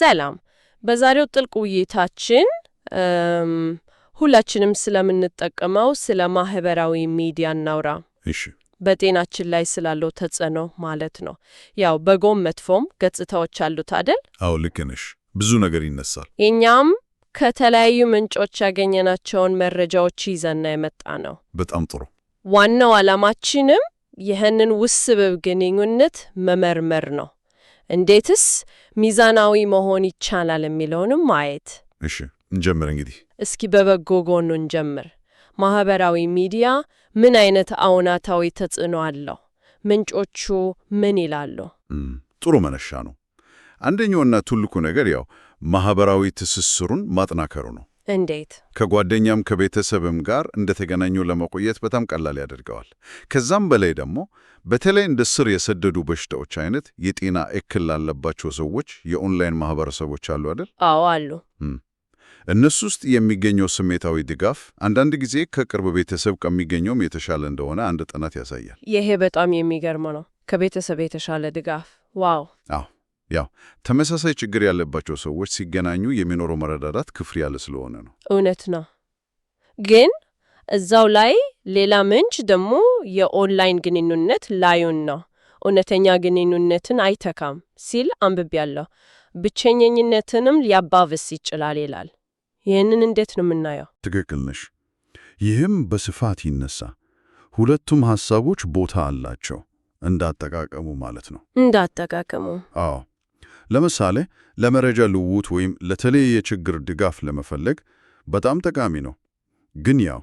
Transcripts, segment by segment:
ሰላም። በዛሬው ጥልቅ ውይይታችን ሁላችንም ስለምንጠቀመው ስለ ማህበራዊ ሚዲያ እናውራ። እሺ። በጤናችን ላይ ስላለው ተጽዕኖ ማለት ነው። ያው በጎም መጥፎም ገጽታዎች አሉት አደል? አዎ ልክ ነሽ። ብዙ ነገር ይነሳል። እኛም ከተለያዩ ምንጮች ያገኘናቸውን መረጃዎች ይዘና የመጣ ነው። በጣም ጥሩ። ዋናው ዓላማችንም ይህንን ውስብስብ ግንኙነት መመርመር ነው። እንዴትስ ሚዛናዊ መሆን ይቻላል የሚለውንም ማየት። እሺ እንጀምር እንግዲህ። እስኪ በበጎ ጎኑ እንጀምር። ማህበራዊ ሚዲያ ምን አይነት አውናታዊ ተጽዕኖ አለው? ምንጮቹ ምን ይላሉ? ጥሩ መነሻ ነው። አንደኛውና ትልቁ ነገር ያው ማህበራዊ ትስስሩን ማጠናከሩ ነው። እንዴት? ከጓደኛም ከቤተሰብም ጋር እንደተገናኙ ለመቆየት በጣም ቀላል ያደርገዋል። ከዛም በላይ ደግሞ በተለይ እንደ ስር የሰደዱ በሽታዎች አይነት የጤና እክል ላለባቸው ሰዎች የኦንላይን ማህበረሰቦች አሉ አይደል? አዎ አሉ። እነሱ ውስጥ የሚገኘው ስሜታዊ ድጋፍ አንዳንድ ጊዜ ከቅርብ ቤተሰብ ከሚገኘውም የተሻለ እንደሆነ አንድ ጥናት ያሳያል። ይሄ በጣም የሚገርም ነው። ከቤተሰብ የተሻለ ድጋፍ ዋው! አዎ ያው ተመሳሳይ ችግር ያለባቸው ሰዎች ሲገናኙ የሚኖረው መረዳዳት ክፍር ያለ ስለሆነ ነው። እውነት ነው። ግን እዛው ላይ ሌላ ምንጭ ደግሞ የኦንላይን ግንኙነት ላዩን ነው እውነተኛ ግንኙነትን አይተካም ሲል አንብቤያለሁ። ብቸኝነትንም ሊያባብስ ይችላል ይላል። ይህንን እንዴት ነው የምናየው? ትክክል ነሽ። ይህም በስፋት ይነሳ። ሁለቱም ሐሳቦች ቦታ አላቸው፣ እንዳጠቃቀሙ ማለት ነው። እንዳጠቃቀሙ። አዎ ለምሳሌ ለመረጃ ልውውጥ ወይም ለተለየ ችግር ድጋፍ ለመፈለግ በጣም ጠቃሚ ነው። ግን ያው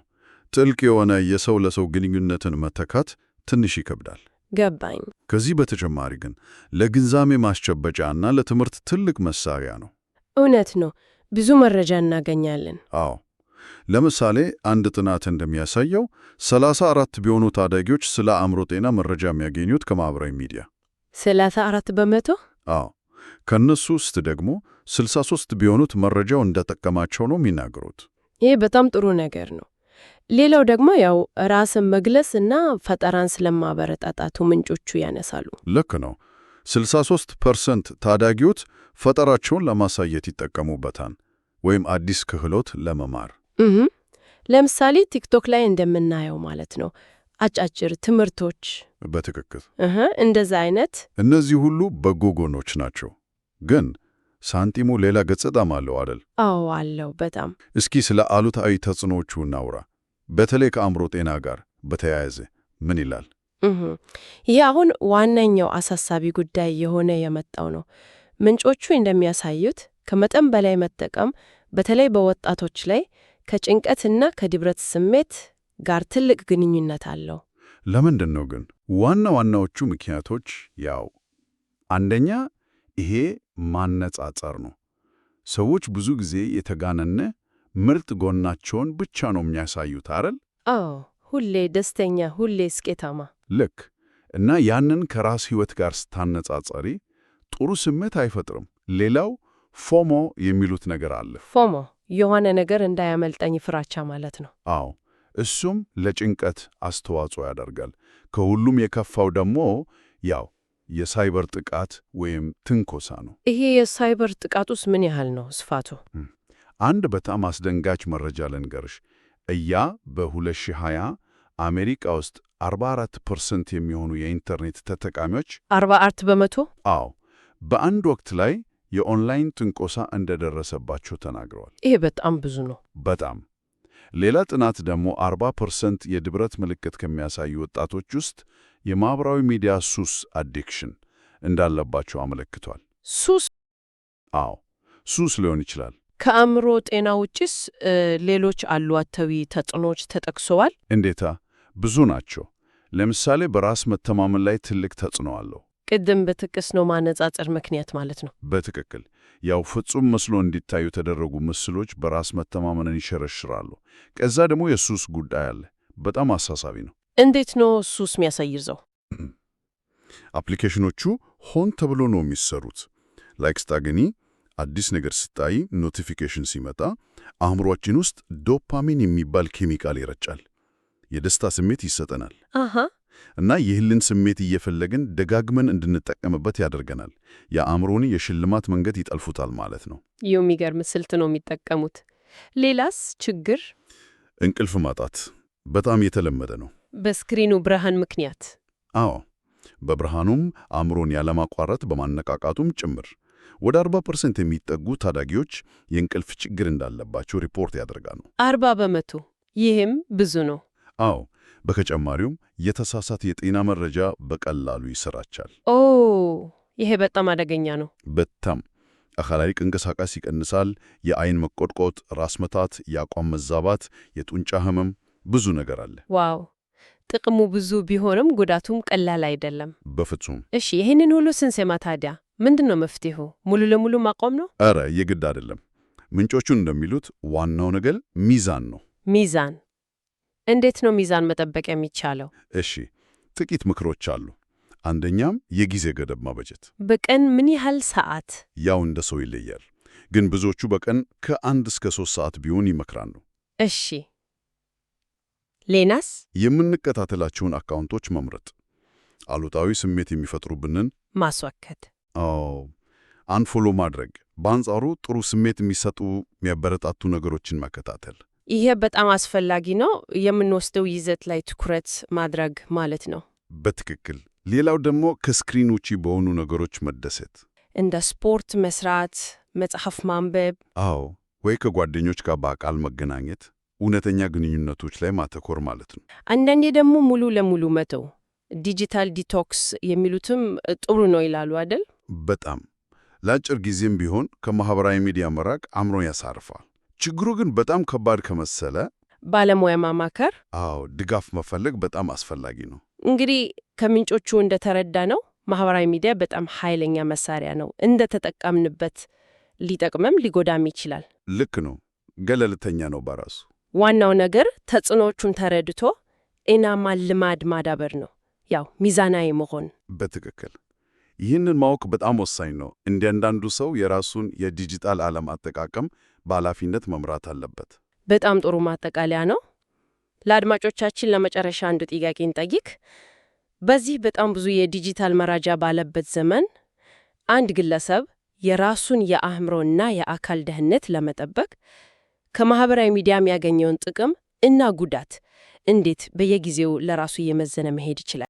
ጥልቅ የሆነ የሰው ለሰው ግንኙነትን መተካት ትንሽ ይከብዳል። ገባኝ። ከዚህ በተጨማሪ ግን ለግንዛሜ ማስጨበጫ እና ለትምህርት ትልቅ መሳሪያ ነው። እውነት ነው። ብዙ መረጃ እናገኛለን። አዎ። ለምሳሌ አንድ ጥናት እንደሚያሳየው 34 ቢሆኑ ታዳጊዎች ስለ አእምሮ ጤና መረጃ የሚያገኙት ከማህበራዊ ሚዲያ 34 በመቶ? አዎ። ከነሱ ውስጥ ደግሞ 63 ቢሆኑት መረጃው እንደጠቀማቸው ነው የሚናገሩት። ይሄ በጣም ጥሩ ነገር ነው። ሌላው ደግሞ ያው ራስን መግለጽ እና ፈጠራን ስለማበረታታቱ ምንጮቹ ያነሳሉ። ልክ ነው። 63 ፐርሰንት ታዳጊዎች ፈጠራቸውን ለማሳየት ይጠቀሙበታል ወይም አዲስ ክህሎት ለመማር ለምሳሌ ቲክቶክ ላይ እንደምናየው ማለት ነው። አጫጭር ትምህርቶች በትክክል እንደዛ አይነት እነዚህ ሁሉ በጎ ጎኖች ናቸው። ግን ሳንቲሙ ሌላ ገጽታም አለው አደል? አዎ አለው። በጣም እስኪ ስለ አሉታዊ ተጽዕኖቹ እናውራ። በተለይ ከአእምሮ ጤና ጋር በተያያዘ ምን ይላል? ይህ አሁን ዋነኛው አሳሳቢ ጉዳይ የሆነ የመጣው ነው። ምንጮቹ እንደሚያሳዩት ከመጠን በላይ መጠቀም በተለይ በወጣቶች ላይ ከጭንቀትና ከድብረት ስሜት ጋር ትልቅ ግንኙነት አለው። ለምንድን ነው ግን? ዋና ዋናዎቹ ምክንያቶች ያው አንደኛ ይሄ ማነጻጸር ነው። ሰዎች ብዙ ጊዜ የተጋነነ ምርጥ ጎናቸውን ብቻ ነው የሚያሳዩት አይደል? አዎ፣ ሁሌ ደስተኛ፣ ሁሌ ስኬታማ። ልክ እና ያንን ከራስ ህይወት ጋር ስታነጻጸሪ ጥሩ ስሜት አይፈጥርም። ሌላው ፎሞ የሚሉት ነገር አለ። ፎሞ የሆነ ነገር እንዳያመልጠኝ ፍራቻ ማለት ነው። አዎ እሱም ለጭንቀት አስተዋጽኦ ያደርጋል። ከሁሉም የከፋው ደግሞ ያው የሳይበር ጥቃት ወይም ትንኮሳ ነው። ይሄ የሳይበር ጥቃቱስ ምን ያህል ነው ስፋቱ? አንድ በጣም አስደንጋጭ መረጃ ልንገርሽ። እያ በ2020 አሜሪካ ውስጥ 44 ፐርሰንት የሚሆኑ የኢንተርኔት ተጠቃሚዎች 44 በመቶ አዎ፣ በአንድ ወቅት ላይ የኦንላይን ትንኮሳ እንደደረሰባቸው ተናግረዋል። ይሄ በጣም ብዙ ነው። በጣም ሌላ ጥናት ደግሞ 40 የድብረት ምልክት ከሚያሳዩ ወጣቶች ውስጥ የማኅበራዊ ሚዲያ ሱስ አዲክሽን እንዳለባቸው አመለክቷል። ሱስ? አዎ ሱስ ሊሆን ይችላል። ከአእምሮ ጤና ውጭስ ሌሎች አሉታዊ ተጽዕኖዎች ተጠቅሰዋል? እንዴታ ብዙ ናቸው። ለምሳሌ በራስ መተማመን ላይ ትልቅ ተጽዕኖ አለው። ቅድም ነው ማነጻጸር ምክንያት ማለት ነው። በትክክል ያው ፍጹም መስሎ እንዲታዩ የተደረጉ ምስሎች በራስ መተማመንን ይሸረሽራሉ። ከዛ ደግሞ የሱስ ጉዳይ አለ። በጣም አሳሳቢ ነው። እንዴት ነው ሱስ የሚያሳይዘው? አፕሊኬሽኖቹ ሆን ተብሎ ነው የሚሰሩት። ላይክ ስታገኒ፣ አዲስ ነገር ስታይ፣ ኖቲፊኬሽን ሲመጣ አእምሯችን ውስጥ ዶፓሚን የሚባል ኬሚካል ይረጫል። የደስታ ስሜት ይሰጠናል። እና ይህልን ስሜት እየፈለግን ደጋግመን እንድንጠቀምበት ያደርገናል። የአእምሮን የሽልማት መንገድ ይጠልፉታል ማለት ነው። ይህ የሚገርም ስልት ነው የሚጠቀሙት። ሌላስ ችግር እንቅልፍ ማጣት በጣም የተለመደ ነው። በስክሪኑ ብርሃን ምክንያት። አዎ፣ በብርሃኑም አእምሮን ያለማቋረጥ በማነቃቃቱም ጭምር ወደ 40% የሚጠጉ ታዳጊዎች የእንቅልፍ ችግር እንዳለባቸው ሪፖርት ያደርጋሉ። 40 በመቶ ይህም ብዙ ነው። አዎ በተጨማሪውም የተሳሳት የጤና መረጃ በቀላሉ ይሰራቻል። ኦ ይሄ በጣም አደገኛ ነው። በጣም አካላዊ እንቅስቃሴ ይቀንሳል። የአይን መቆጥቆጥ፣ ራስ መታት፣ የአቋም መዛባት፣ የጡንቻ ህመም፣ ብዙ ነገር አለ። ዋው ጥቅሙ ብዙ ቢሆንም ጉዳቱም ቀላል አይደለም በፍጹም። እሺ ይህንን ሁሉ ስንሰማ ታዲያ ምንድን ነው መፍትሄው? ሙሉ ለሙሉ ማቆም ነው? እረ የግድ አይደለም። ምንጮቹን እንደሚሉት ዋናው ነገር ሚዛን ነው። ሚዛን እንዴት ነው ሚዛን መጠበቅ የሚቻለው? እሺ፣ ጥቂት ምክሮች አሉ። አንደኛም የጊዜ ገደብ ማበጀት። በቀን ምን ያህል ሰዓት? ያው እንደ ሰው ይለያል፣ ግን ብዙዎቹ በቀን ከአንድ እስከ ሶስት ሰዓት ቢሆን ይመክራሉ። እሺ፣ ሌናስ የምንከታተላቸውን አካውንቶች መምረጥ፣ አሉታዊ ስሜት የሚፈጥሩብንን ማስወከት። አዎ፣ አንፎሎ ማድረግ፣ በአንጻሩ ጥሩ ስሜት የሚሰጡ የሚያበረታቱ ነገሮችን መከታተል ይሄ በጣም አስፈላጊ ነው፣ የምንወስደው ይዘት ላይ ትኩረት ማድረግ ማለት ነው። በትክክል ሌላው ደግሞ ከስክሪን ውጪ በሆኑ ነገሮች መደሰት እንደ ስፖርት መስራት፣ መጽሐፍ ማንበብ፣ አዎ ወይ ከጓደኞች ጋር በአካል መገናኘት፣ እውነተኛ ግንኙነቶች ላይ ማተኮር ማለት ነው። አንዳንዴ ደግሞ ሙሉ ለሙሉ መተው ዲጂታል ዲቶክስ የሚሉትም ጥሩ ነው ይላሉ አይደል? በጣም ለአጭር ጊዜም ቢሆን ከማህበራዊ ሚዲያ መራቅ አእምሮን ያሳርፋል። ችግሩ ግን በጣም ከባድ ከመሰለ ባለሙያ ማማከር፣ አዎ ድጋፍ መፈለግ በጣም አስፈላጊ ነው። እንግዲህ ከምንጮቹ እንደተረዳ ነው ማህበራዊ ሚዲያ በጣም ኃይለኛ መሳሪያ ነው። እንደተጠቀምንበት ሊጠቅምም ሊጎዳም ይችላል። ልክ ነው። ገለልተኛ ነው በራሱ። ዋናው ነገር ተጽዕኖቹን ተረድቶ ጤናማ ልማድ ማዳበር ነው። ያው ሚዛናዊ መሆን በትክክል ይህንን ማወቅ በጣም ወሳኝ ነው። እንዲያንዳንዱ ሰው የራሱን የዲጂታል ዓለም አጠቃቀም በኃላፊነት መምራት አለበት። በጣም ጥሩ ማጠቃለያ ነው። ለአድማጮቻችን ለመጨረሻ አንዱ ጥያቄ እንጠይቅ። በዚህ በጣም ብዙ የዲጂታል መረጃ ባለበት ዘመን አንድ ግለሰብ የራሱን የአእምሮና የአካል ደህንነት ለመጠበቅ ከማህበራዊ ሚዲያ ያገኘውን ጥቅም እና ጉዳት እንዴት በየጊዜው ለራሱ እየመዘነ መሄድ ይችላል?